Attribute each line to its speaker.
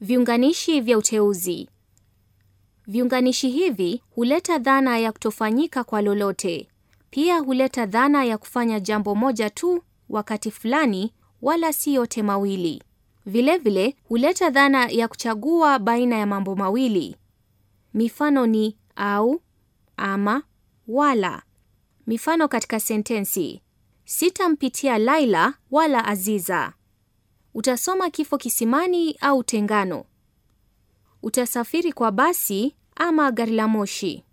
Speaker 1: Viunganishi vya uteuzi. Viunganishi hivi huleta dhana ya kutofanyika kwa lolote. Pia huleta dhana ya kufanya jambo moja tu wakati fulani, wala si yote mawili. Vilevile huleta dhana ya kuchagua baina ya mambo mawili. Mifano ni au, ama, wala. Mifano katika sentensi: sitampitia Laila wala Aziza. Utasoma kifo kisimani au tengano. Utasafiri kwa basi ama gari la moshi.